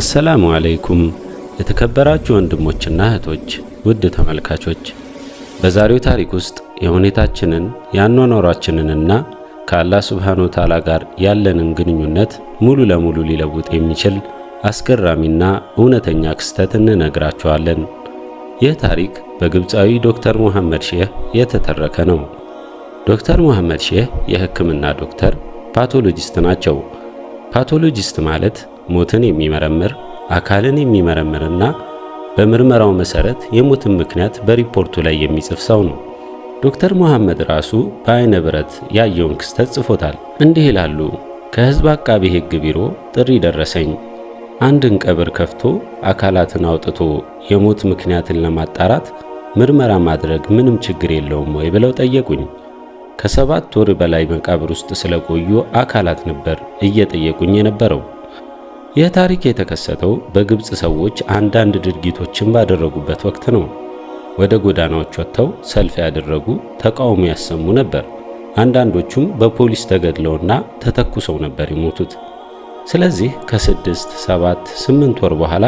አሰላሙ አለይኩም የተከበራችሁ ወንድሞችና እህቶች፣ ውድ ተመልካቾች በዛሬው ታሪክ ውስጥ የሁኔታችንን ያኗኗሯችንንና ከአላህ ሱብሓነ ወተዓላ ጋር ያለንን ግንኙነት ሙሉ ለሙሉ ሊለውጥ የሚችል አስገራሚና እውነተኛ ክስተት እንነግራችኋለን። ይህ ታሪክ በግብፃዊ ዶክተር ሙሐመድ ሼህ የተተረከ ነው። ዶክተር ሙሐመድ ሼህ የሕክምና ዶክተር ፓቶሎጂስት ናቸው። ፓቶሎጂስት ማለት ሞትን የሚመረምር አካልን የሚመረምርና በምርመራው መሰረት የሞትን ምክንያት በሪፖርቱ ላይ የሚጽፍ ሰው ነው። ዶክተር መሐመድ ራሱ በአይነ ብረት ያየውን ክስተት ጽፎታል። እንዲህ ይላሉ። ከህዝብ አቃቤ ህግ ቢሮ ጥሪ ደረሰኝ። አንድን ቀብር ከፍቶ አካላትን አውጥቶ የሞት ምክንያትን ለማጣራት ምርመራ ማድረግ ምንም ችግር የለውም ወይ ብለው ጠየቁኝ። ከሰባት ወር በላይ መቃብር ውስጥ ስለቆዩ አካላት ነበር እየጠየቁኝ የነበረው። ይህ ታሪክ የተከሰተው በግብፅ ሰዎች አንዳንድ ድርጊቶችን ባደረጉበት ወቅት ነው። ወደ ጎዳናዎች ወጥተው ሰልፍ ያደረጉ፣ ተቃውሞ ያሰሙ ነበር። አንዳንዶቹም በፖሊስ ተገድለውና ተተኩሰው ነበር የሞቱት። ስለዚህ ከስድስት ሰባት ስምንት ወር በኋላ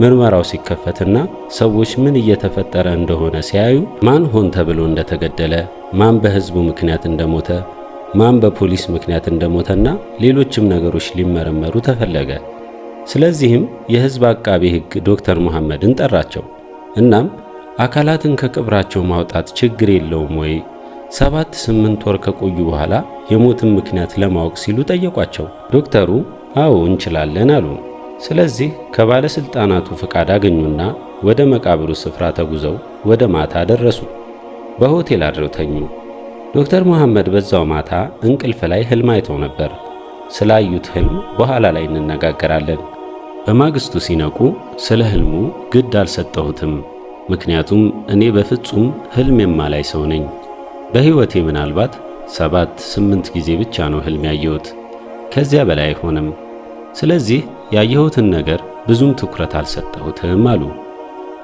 ምርመራው ሲከፈትና ሰዎች ምን እየተፈጠረ እንደሆነ ሲያዩ ማን ሆን ተብሎ እንደተገደለ፣ ማን በህዝቡ ምክንያት እንደሞተ፣ ማን በፖሊስ ምክንያት እንደሞተና ሌሎችም ነገሮች ሊመረመሩ ተፈለገ። ስለዚህም የህዝብ አቃቤ ህግ ዶክተር መሐመድን ጠራቸው። እናም አካላትን ከቅብራቸው ማውጣት ችግር የለውም ወይ? ሰባት ስምንት ወር ከቆዩ በኋላ የሞትን ምክንያት ለማወቅ ሲሉ ጠየቋቸው። ዶክተሩ አዎ እንችላለን አሉ። ስለዚህ ከባለሥልጣናቱ ፈቃድ አገኙና ወደ መቃብሩ ስፍራ ተጉዘው ወደ ማታ ደረሱ። በሆቴል አድረው ተኙ። ዶክተር መሐመድ በዛው ማታ እንቅልፍ ላይ ህልም አይተው ነበር። ስላዩት ህልም በኋላ ላይ እንነጋገራለን። በማግስቱ ሲነቁ ስለ ህልሙ ግድ አልሰጠሁትም። ምክንያቱም እኔ በፍጹም ህልም የማላይ ሰው ነኝ። በሕይወቴ ምናልባት ሰባት ስምንት ጊዜ ብቻ ነው ህልም ያየሁት። ከዚያ በላይ አይሆንም። ስለዚህ ያየሁትን ነገር ብዙም ትኩረት አልሰጠሁትም አሉ።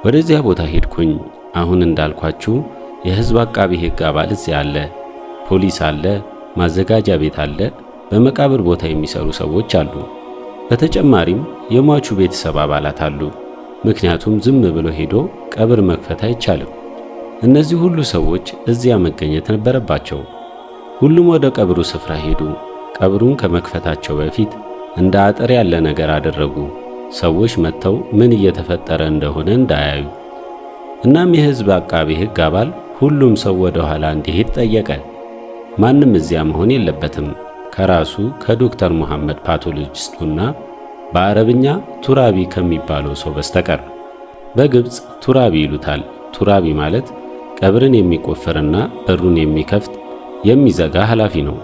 ወደዚያ ቦታ ሄድኩኝ። አሁን እንዳልኳችሁ የሕዝብ አቃቢ ሕግ አባል እዚያ አለ፣ ፖሊስ አለ፣ ማዘጋጃ ቤት አለ፣ በመቃብር ቦታ የሚሰሩ ሰዎች አሉ። በተጨማሪም የሟቹ ቤተሰብ አባላት አሉ። ምክንያቱም ዝም ብሎ ሄዶ ቀብር መክፈት አይቻልም። እነዚህ ሁሉ ሰዎች እዚያ መገኘት ነበረባቸው። ሁሉም ወደ ቀብሩ ስፍራ ሄዱ። ቀብሩን ከመክፈታቸው በፊት እንደ አጥር ያለ ነገር አደረጉ። ሰዎች መጥተው ምን እየተፈጠረ እንደሆነ እንዳያዩ። እናም የሕዝብ አቃቢ ሕግ አባል ሁሉም ሰው ወደ ኋላ እንዲሄድ ጠየቀ። ማንም እዚያ መሆን የለበትም ከራሱ ከዶክተር ሙሐመድ ፓቶሎጂስቱና በአረብኛ ቱራቢ ከሚባለው ሰው በስተቀር። በግብፅ ቱራቢ ይሉታል። ቱራቢ ማለት ቀብርን የሚቆፍርና በሩን የሚከፍት የሚዘጋ ኃላፊ ነው።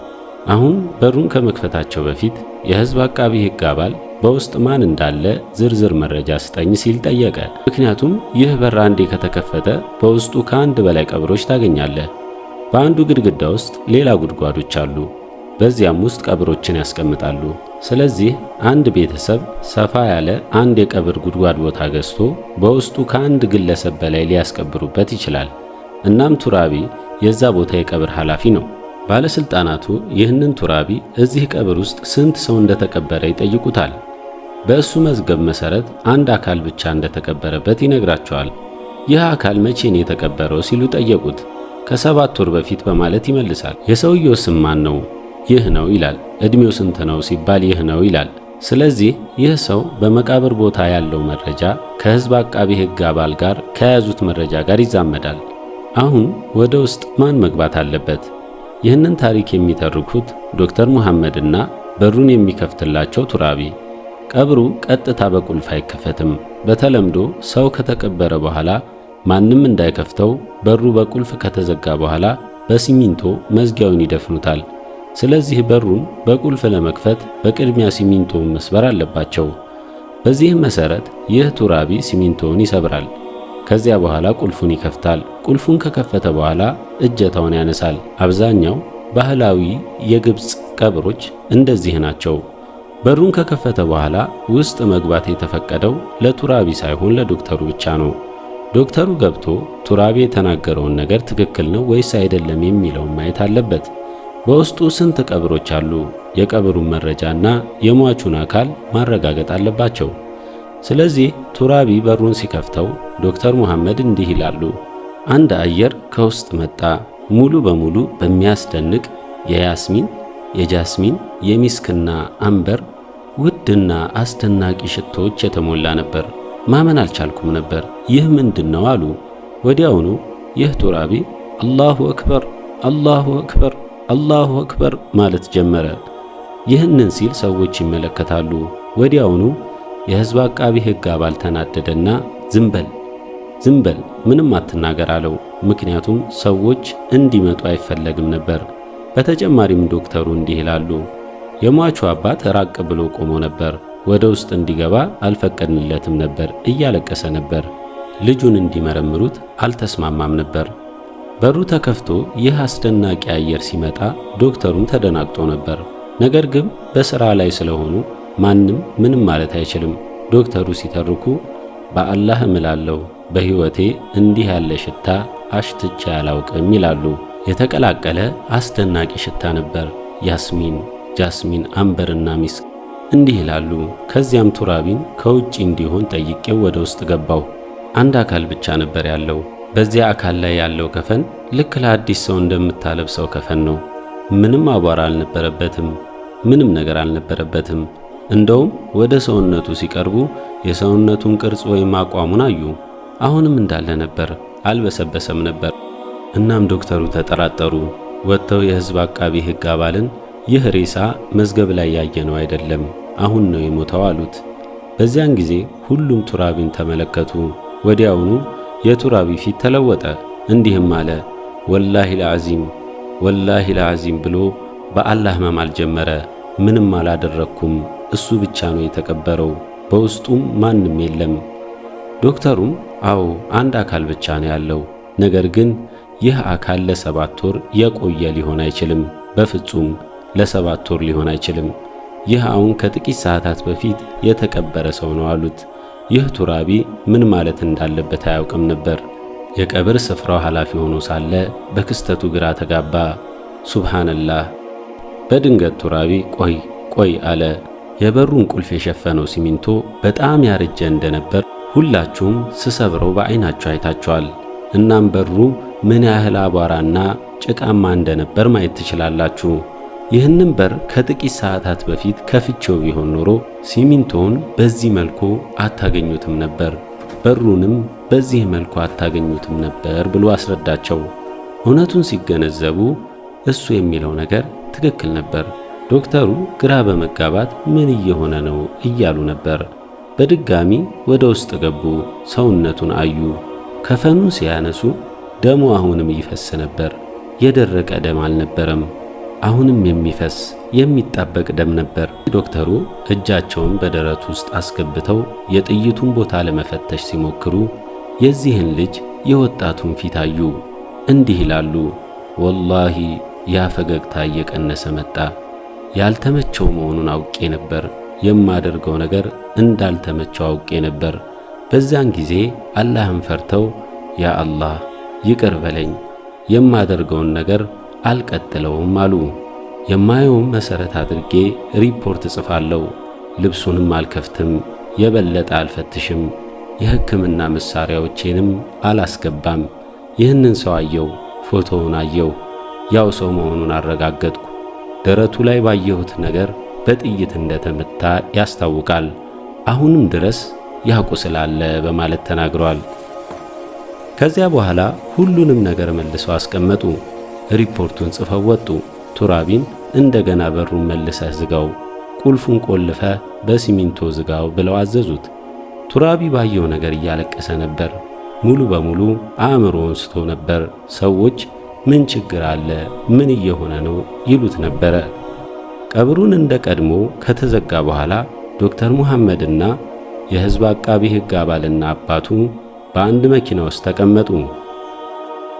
አሁን በሩን ከመክፈታቸው በፊት የህዝብ አቃቢ ህግ አባል በውስጥ ማን እንዳለ ዝርዝር መረጃ ስጠኝ ሲል ጠየቀ። ምክንያቱም ይህ በር አንዴ ከተከፈተ በውስጡ ከአንድ በላይ ቀብሮች ታገኛለህ። በአንዱ ግድግዳ ውስጥ ሌላ ጉድጓዶች አሉ፣ በዚያም ውስጥ ቀብሮችን ያስቀምጣሉ። ስለዚህ አንድ ቤተሰብ ሰፋ ያለ አንድ የቀብር ጉድጓድ ቦታ ገዝቶ በውስጡ ከአንድ ግለሰብ በላይ ሊያስቀብሩበት ይችላል። እናም ቱራቢ የዛ ቦታ የቀብር ኃላፊ ነው። ባለስልጣናቱ ይህንን ቱራቢ እዚህ ቀብር ውስጥ ስንት ሰው እንደተቀበረ ይጠይቁታል። በእሱ መዝገብ መሠረት አንድ አካል ብቻ እንደተቀበረበት ይነግራቸዋል። ይህ አካል መቼ ነው የተቀበረው ሲሉ ጠየቁት። ከሰባት ወር በፊት በማለት ይመልሳል። የሰውየው ስም ማን ነው? ይህ ነው ይላል። እድሜው ስንት ነው ሲባል ይህ ነው ይላል። ስለዚህ ይህ ሰው በመቃብር ቦታ ያለው መረጃ ከሕዝብ አቃቢ ሕግ አባል ጋር ከያዙት መረጃ ጋር ይዛመዳል። አሁን ወደ ውስጥ ማን መግባት አለበት? ይህንን ታሪክ የሚተርኩት ዶክተር ሙሐመድና በሩን የሚከፍትላቸው ቱራቢ። ቀብሩ ቀጥታ በቁልፍ አይከፈትም። በተለምዶ ሰው ከተቀበረ በኋላ ማንም እንዳይከፍተው በሩ በቁልፍ ከተዘጋ በኋላ በሲሚንቶ መዝጊያውን ይደፍኑታል። ስለዚህ በሩን በቁልፍ ለመክፈት በቅድሚያ ሲሚንቶውን መስበር አለባቸው። በዚህም መሰረት ይህ ቱራቢ ሲሚንቶውን ይሰብራል። ከዚያ በኋላ ቁልፉን ይከፍታል። ቁልፉን ከከፈተ በኋላ እጀታውን ያነሳል። አብዛኛው ባህላዊ የግብፅ ቀብሮች እንደዚህ ናቸው። በሩን ከከፈተ በኋላ ውስጥ መግባት የተፈቀደው ለቱራቢ ሳይሆን ለዶክተሩ ብቻ ነው። ዶክተሩ ገብቶ ቱራቢ የተናገረውን ነገር ትክክል ነው ወይስ አይደለም የሚለውን ማየት አለበት። በውስጡ ስንት ቀብሮች አሉ? የቀብሩን መረጃና የሟቹን አካል ማረጋገጥ አለባቸው። ስለዚህ ቱራቢ በሩን ሲከፍተው ዶክተር ሙሐመድ እንዲህ ይላሉ። አንድ አየር ከውስጥ መጣ፣ ሙሉ በሙሉ በሚያስደንቅ የያስሚን የጃስሚን የሚስክና አምበር ውድና አስደናቂ ሽቶዎች የተሞላ ነበር። ማመን አልቻልኩም ነበር። ይህ ምንድን ነው አሉ። ወዲያውኑ ይህ ቱራቢ አላሁ አክበር አላሁ አክበር አላሁ አክበር ማለት ጀመረ። ይህንን ሲል ሰዎች ይመለከታሉ። ወዲያውኑ የሕዝብ አቃቢ ሕግ አባል ተናደደና ዝምበል። ዝም በል ምንም አትናገር አለው። ምክንያቱም ሰዎች እንዲመጡ አይፈለግም ነበር። በተጨማሪም ዶክተሩ እንዲህ ይላሉ። የሟቹ አባት ራቅ ብሎ ቆሞ ነበር። ወደ ውስጥ እንዲገባ አልፈቀድንለትም ነበር። እያለቀሰ ነበር። ልጁን እንዲመረምሩት አልተስማማም ነበር። በሩ ተከፍቶ ይህ አስደናቂ አየር ሲመጣ ዶክተሩም ተደናግጦ ነበር። ነገር ግን በሥራ ላይ ስለሆኑ ማንም ምንም ማለት አይችልም። ዶክተሩ ሲተርኩ በአላህ እምላለሁ በሕይወቴ እንዲህ ያለ ሽታ አሽትቼ አላውቅም ይላሉ። የተቀላቀለ አስደናቂ ሽታ ነበር። ያስሚን፣ ጃስሚን፣ አንበርና ሚስክ እንዲህ ይላሉ። ከዚያም ቱራቢን ከውጭ እንዲሆን ጠይቄው ወደ ውስጥ ገባው። አንድ አካል ብቻ ነበር ያለው። በዚያ አካል ላይ ያለው ከፈን ልክ ለአዲስ ሰው እንደምታለብሰው ከፈን ነው። ምንም አቧራ አልነበረበትም። ምንም ነገር አልነበረበትም። እንደውም ወደ ሰውነቱ ሲቀርቡ የሰውነቱን ቅርጽ ወይም አቋሙን አዩ። አሁንም እንዳለ ነበር፣ አልበሰበሰም ነበር። እናም ዶክተሩ ተጠራጠሩ። ወጥተው የህዝብ አቃቢ ህግ አባልን ይህ ሬሳ መዝገብ ላይ ያየነው አይደለም፣ አሁን ነው የሞተው አሉት። በዚያን ጊዜ ሁሉም ቱራቢን ተመለከቱ። ወዲያውኑ የቱራቢ ፊት ተለወጠ። እንዲህም አለ፣ ወላሂ ለዓዚም ወላሂ ለዓዚም ብሎ በአላህ መማል ጀመረ። ምንም አላደረግኩም፣ እሱ ብቻ ነው የተቀበረው፣ በውስጡም ማንም የለም። ዶክተሩም አዎ አንድ አካል ብቻ ነው ያለው። ነገር ግን ይህ አካል ለሰባት ወር የቆየ ሊሆን አይችልም። በፍጹም ለሰባት ወር ሊሆን አይችልም። ይህ አሁን ከጥቂት ሰዓታት በፊት የተቀበረ ሰው ነው አሉት። ይህ ቱራቢ ምን ማለት እንዳለበት አያውቅም ነበር። የቀብር ስፍራው ኃላፊ ሆኖ ሳለ በክስተቱ ግራ ተጋባ። ሱብሃነላህ። በድንገት ቱራቢ ቆይ ቆይ አለ። የበሩን ቁልፍ የሸፈነው ሲሚንቶ በጣም ያረጀ እንደነበር ሁላችሁም ስሰብረው በዐይናችሁ አይታችኋል። እናም በሩ ምን ያህል አቧራና ጭቃማ እንደነበር ማየት ትችላላችሁ። ይህንም በር ከጥቂት ሰዓታት በፊት ከፍቼው ቢሆን ኖሮ ሲሚንቶውን በዚህ መልኩ አታገኙትም ነበር፣ በሩንም በዚህ መልኩ አታገኙትም ነበር ብሎ አስረዳቸው። እውነቱን ሲገነዘቡ እሱ የሚለው ነገር ትክክል ነበር። ዶክተሩ ግራ በመጋባት ምን እየሆነ ነው እያሉ ነበር። በድጋሚ ወደ ውስጥ ገቡ። ሰውነቱን አዩ። ከፈኑን ሲያነሱ ደሙ አሁንም ይፈስ ነበር። የደረቀ ደም አልነበረም። አሁንም የሚፈስ የሚጣበቅ ደም ነበር። ዶክተሩ እጃቸውን በደረቱ ውስጥ አስገብተው የጥይቱን ቦታ ለመፈተሽ ሲሞክሩ የዚህን ልጅ የወጣቱን ፊት አዩ። እንዲህ ይላሉ፣ ወላሂ ያ ፈገግታ እየቀነሰ መጣ። ያልተመቸው መሆኑን አውቄ ነበር። የማደርገው ነገር እንዳልተመቸው አውቄ ነበር። በዚያን ጊዜ አላህን ፈርተው ያ አላህ ይቅር በለኝ የማደርገውን ነገር አልቀጥለውም አሉ። የማየውም መሠረት አድርጌ ሪፖርት እጽፋለሁ። ልብሱንም አልከፍትም፣ የበለጠ አልፈትሽም፣ የሕክምና መሣሪያዎቼንም አላስገባም። ይህንን ሰው አየው፣ ፎቶውን አየው፣ ያው ሰው መሆኑን አረጋገጥኩ። ደረቱ ላይ ባየሁት ነገር በጥይት እንደተመታ ያስታውቃል። አሁንም ድረስ ያቆስላል በማለት ተናግሯል። ከዚያ በኋላ ሁሉንም ነገር መልሰው አስቀመጡ። ሪፖርቱን ጽፈው ወጡ። ቱራቢን እንደገና በሩን መልሰህ ዝጋው፣ ቁልፉን ቆልፈ በሲሚንቶ ዝጋው ብለው አዘዙት። ቱራቢ ባየው ነገር እያለቀሰ ነበር። ሙሉ በሙሉ አእምሮውን ስቶ ነበር። ሰዎች ምን ችግር አለ? ምን እየሆነ ነው? ይሉት ነበረ። ቀብሩን እንደ ቀድሞ ከተዘጋ በኋላ ዶክተር ሙሐመድና የሕዝብ አቃቢ ሕግ አባልና አባቱ በአንድ መኪና ውስጥ ተቀመጡ።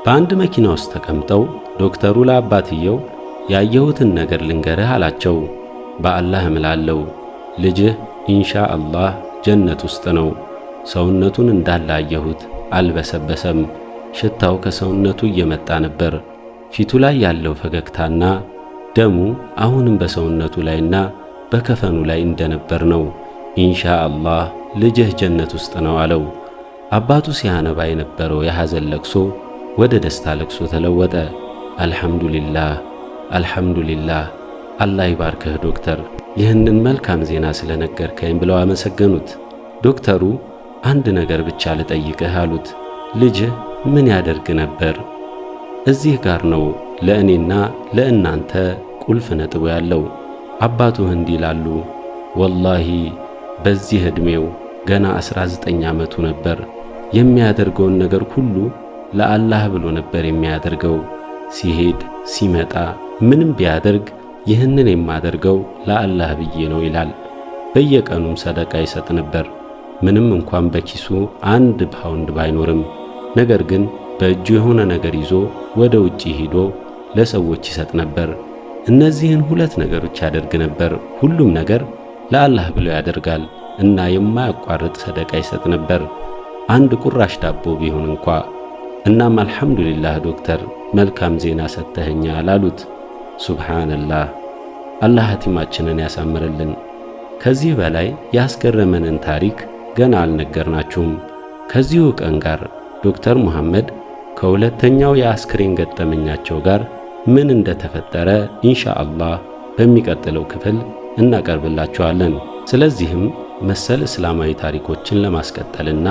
በአንድ መኪና ውስጥ ተቀምጠው ዶክተሩ ለአባትየው ያየሁትን ነገር ልንገርህ አላቸው። በአላህ እምላለሁ ልጅህ ኢንሻ አላህ ጀነት ውስጥ ነው። ሰውነቱን እንዳለ አየሁት። አልበሰበሰም። ሽታው ከሰውነቱ እየመጣ ነበር። ፊቱ ላይ ያለው ፈገግታና ደሙ አሁንም በሰውነቱ ላይና በከፈኑ ላይ እንደነበር ነው። ኢንሻአላህ ልጅህ ጀነት ውስጥ ነው አለው። አባቱ ሲያነባ የነበረው የሐዘን ለቅሶ ወደ ደስታ ለቅሶ ተለወጠ። አልሐምዱሊላህ አልሐምዱሊላህ፣ አላህ ይባርክህ ዶክተር፣ ይህንን መልካም ዜና ስለነገርከኝ ብለው አመሰገኑት። ዶክተሩ አንድ ነገር ብቻ ልጠይቅህ አሉት። ልጅህ ምን ያደርግ ነበር? እዚህ ጋር ነው ለእኔና ለእናንተ ቁልፍ ነጥቡ ያለው አባቱ ህንድ ይላሉ። ወላሂ በዚህ ዕድሜው ገና 19 ዘጠኝ ዓመቱ ነበር። የሚያደርገውን ነገር ሁሉ ለአላህ ብሎ ነበር የሚያደርገው። ሲሄድ ሲመጣ፣ ምንም ቢያደርግ ይህንን የማደርገው ለአላህ ብዬ ነው ይላል። በየቀኑም ሰደቃ ይሰጥ ነበር። ምንም እንኳን በኪሱ አንድ ፓውንድ ባይኖርም ነገር ግን በእጁ የሆነ ነገር ይዞ ወደ ውጪ ሂዶ ለሰዎች ይሰጥ ነበር። እነዚህን ሁለት ነገሮች ያደርግ ነበር። ሁሉም ነገር ለአላህ ብሎ ያደርጋል እና የማያቋርጥ ሰደቃ ይሰጥ ነበር፣ አንድ ቁራሽ ዳቦ ቢሆን እንኳ። እናም አልሐምዱሊላህ ዶክተር መልካም ዜና ሰጥተኸኛል አሉት። ሱብሓነላህ አላህ ሀቲማችንን ያሳምርልን። ከዚህ በላይ ያስገረመንን ታሪክ ገና አልነገርናችሁም። ከዚሁ ቀን ጋር ዶክተር ሙሐመድ ከሁለተኛው የአስክሬን ገጠመኛቸው ጋር ምን እንደተፈጠረ ኢንሻአላህ በሚቀጥለው ክፍል እናቀርብላችኋለን። ስለዚህም መሰል እስላማዊ ታሪኮችን ለማስቀጠልና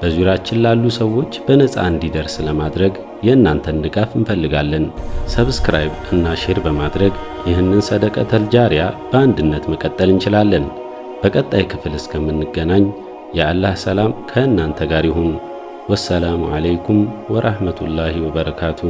በዙሪያችን ላሉ ሰዎች በነፃ እንዲደርስ ለማድረግ የእናንተን ድጋፍ እንፈልጋለን። ሰብስክራይብ እና ሼር በማድረግ ይህንን ሰደቀ ተልጃሪያ በአንድነት መቀጠል እንችላለን። በቀጣይ ክፍል እስከምንገናኝ የአላህ ሰላም ከእናንተ ጋር ይሁን። ወሰላሙ ዓለይኩም ወራህመቱላሂ ወበረካቱ።